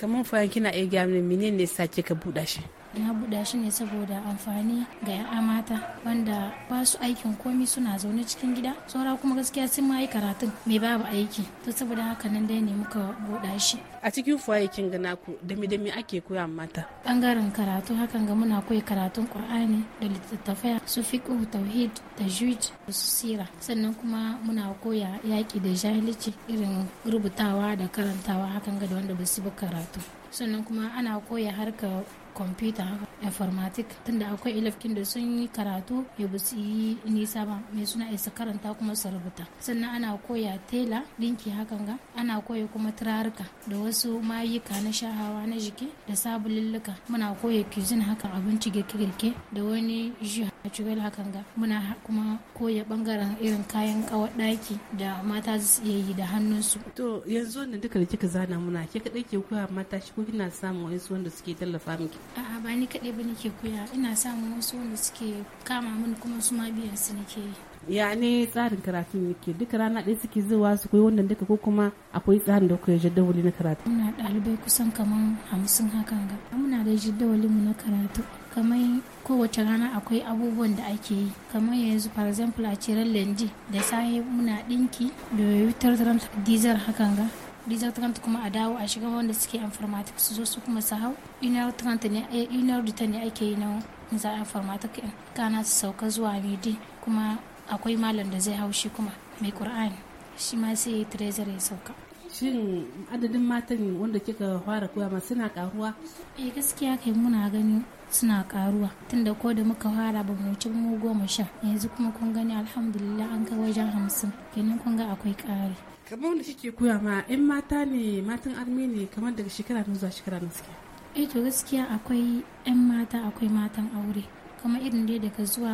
kamar fa kina iya gaya mini menene ne sa kika buɗa shi na buɗa shi ne saboda amfani ga 'ya'ya mata wanda ba su aikin komi suna zaune cikin gida saura kuma gaskiya sun ma yi karatun mai babu aiki to saboda haka nan dai ne muka buɗa shi a cikin kin gana ku dami dami ake koya mata bangaren karatu hakan ga muna koya karatun ƙur'ani da littattafai su fiqh tauhid da juj da su sira sannan kuma muna koya yaƙi da jahilci irin rubutawa da karantawa hakan ga da wanda ba su ba karatu sannan kuma ana koya harka kwamfuta informatik tunda akwai ilafkin da sun yi karatu ya ba su yi nisa ba mai suna isa karanta kuma su rubuta sannan ana koya tela dinki hakan ga ana koya kuma turaruka da wasu mayuka na shahawa na jiki da sabululluka muna koya kizin haka abinci girke-girke da wani jiha a cikin hakan ga muna kuma koya bangaren irin kayan kawar daki da mata su iya yi da hannunsu to yanzu wannan duka da kika zana muna ke kadai ke koya mata shi ko kina samun wasu wanda suke tallafa miki a'a ba ni kadai ba ke koya ina samun wasu wanda suke kama min kuma su ma biyan su nake yi ya ne tsarin karatun yake duka rana ɗaya suke zuwa su koyi wannan duka ko kuma akwai tsarin da kuka jaddawali na karatu muna ɗalibai kusan kaman hamsin hakan ga muna da jaddawalin mu na karatu kamar kowace rana akwai abubuwan da ake yi kamar yanzu for example a ciran lendi da sahi muna ɗinki da yutar dizar hakan ga dizar trant kuma a dawo a shiga wanda suke informatik su zo su kuma su hau inar trant ne eh, inar ne ake yi na za a informatik kana su sauka zuwa midi kuma akwai malam da zai haushi kuma mai qur'ani shi ma sai treasure ya sauka shin adadin matan wanda kika fara koya ma suna karuwa eh gaskiya kai muna gani suna karuwa tunda ko da muka fara ba mu mu goma sha yanzu kuma kun gani alhamdulillah an kai wajen hamsin kenan kun ga akwai ƙari kamar wanda kike koya ma in mata ne matan armi ne kamar daga shekara na zuwa shekara nan suke eh to gaskiya akwai yan mata akwai matan aure kuma irin dai daga zuwa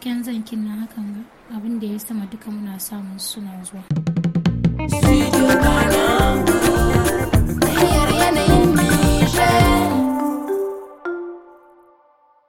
kyan zankin na hakan abin da ya sama duka muna samun suna zuwa.